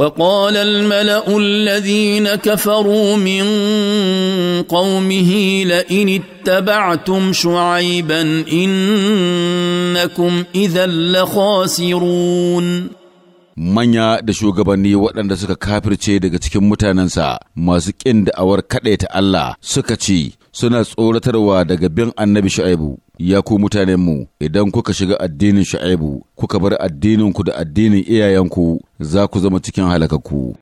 وقال الملا الذين كفروا من قومه لئن اتبعتم شعيبا انكم اذا لخاسرون manya da shugabanni waɗanda suka kafirce daga cikin mutanensa masu ƙin da'awar kaɗaita Allah suka ce suna tsoratarwa daga bin annabi shu'aibu ya ku mutanenmu idan kuka shiga addinin shu'aibu kuka bar addininku da addinin iyayenku za ku zama cikin halakakku